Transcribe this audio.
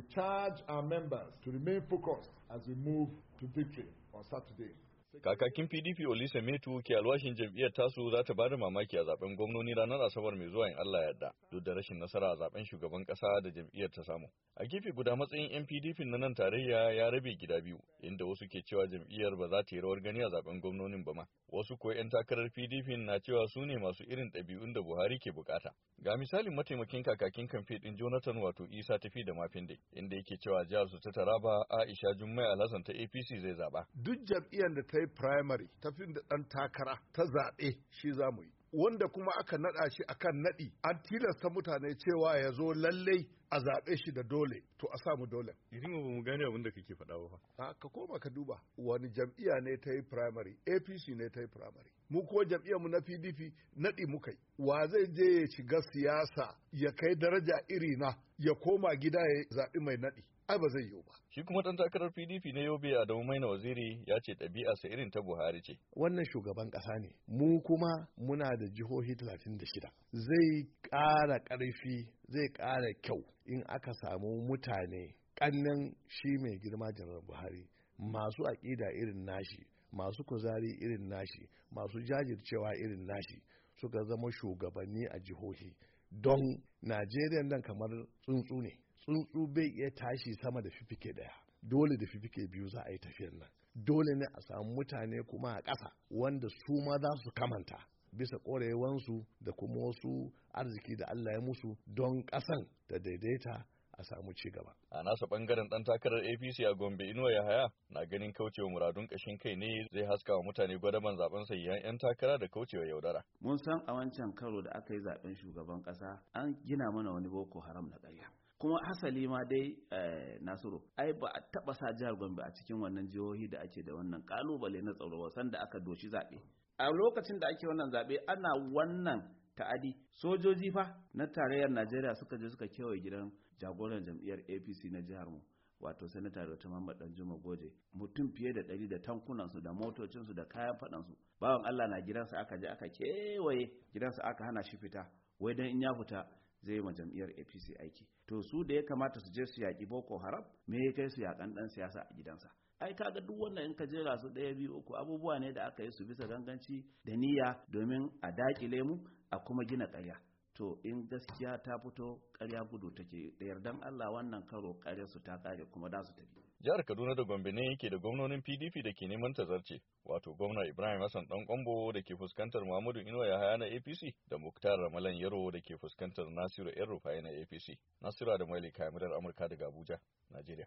We charge our members to remain focused as we move to victory on Saturday. Kakakin PDP Olise Metu ke alwashin jam'iyyar tasu za ta bada mamaki a zaben gwamnoni ranar Asabar mai zuwa in Allah yadda', duk da rashin nasara a zaben shugaban kasa da jam'iyyar ta samu. A gefe guda matsayin 'yan PDP na nan tarayya ya rabe gida biyu inda wasu ke cewa jam'iyyar ba za ta yi rawar gani a zaben gwamnonin ba ma. Wasu ko 'yan takarar PDP na cewa su ne masu irin ɗabi'un da Buhari ke bukata. Ga misalin mataimakin kakakin kamfe ɗin Jonathan wato Isa tafi da Mafinde inda yake cewa jihar su ta Taraba Aisha Jummai Alhassan ta APC zai zaba. Duk jam'iyyar da ta ta yi primary ta fi da ɗan takara ta zaɓe shi za mu yi wanda kuma aka naɗa shi akan naɗi an tilasta mutane cewa ya zo lallai a zaɓe shi da dole to a samu dole. Yanzu ba mu gane abin da kake faɗa ba. A ka koma ka duba wani jam'iyya ne ta yi primary APC ne ta yi primary. Mu ko jam'iyyar mu na PDP naɗi muka yi. Wa zai je ya shiga siyasa ya kai daraja iri na ya koma gida ya zaɓi mai naɗi. Ai ba zai yiwu ba. Shi kuma ɗan takarar PDP na Yobe Adamu Maina Waziri ya ce ɗabi'a sa irin ta Buhari ce. Wannan shugaban ƙasa ne. Mu kuma muna da jihohi 36. Zai ƙara ƙarfi zai ƙara kyau in aka samu mutane ƙannen shi mai girma janar buhari masu aƙida irin nashi masu kuzari irin nashi masu jajircewa irin nashi suka zama shugabanni a jihohi don najeriya nan kamar tsuntsu ne tsuntsu bai iya tashi sama da fifike daya dole da fifike biyu za a yi tafiyar nan dole ne a samu mutane kuma a ƙasa wanda su ma za su kamanta bisa ƙorewansu da kuma wasu arziki da Allah ya musu don ƙasan da daidaita a samu ci gaba. A nasa ɓangaren ɗan takarar APC a Gombe Inuwa Yahaya na ganin kaucewa muradun kashin kai ne zai haska wa mutane gwadaban zaben sayyan yan takara da kaucewa yaudara. Mun san a wancan karo da aka yi zaben shugaban ƙasa an gina mana wani boko haram na ƙarya. kuma hasali ma dai eh, nasiru ai ba a taba sa jihar gombe a cikin wannan jihohi da ake da wannan kalubale na tsaro da aka doshi zaɓe a lokacin da ake wannan zaɓe ana wannan ta'adi sojoji fa na tarayyar najeriya suka je suka kewaye gidan jagoran jam'iyyar apc na jihar mu wato sanata da ta mamba dan goje mutum fiye da ɗari da tankunansu da motocinsu da kayan faɗansu bawan allah na gidansa aka je aka kewaye gidansa aka hana shi fita wai dan in ya fita zai ma jam'iyyar apc aiki to su da ya kamata su je su yaƙi boko haram me ya kai su yaƙan ɗan siyasa a gidansa ai kaga duk wannan in ka jera su ɗaya biyu uku abubuwa ne da aka yi su bisa ganganci da niyya domin a daƙile mu a kuma gina ƙarya to in gaskiya ta fito karya gudu take da yardan Allah wannan karo ƙarya su ta kare kuma da su tafi. Jihar Kaduna da Gombe ne yake da gwamnonin PDP da ke neman tazarce wato gwamna Ibrahim Hassan Dan Kwambo da ke fuskantar Muhammadu Inuwa Yahaya na APC da Muktar Ramalan Yaro da ke fuskantar Nasiru Yan Rufai na APC. Nasiru da Maili Kamilar Amurka daga Abuja, Najeriya.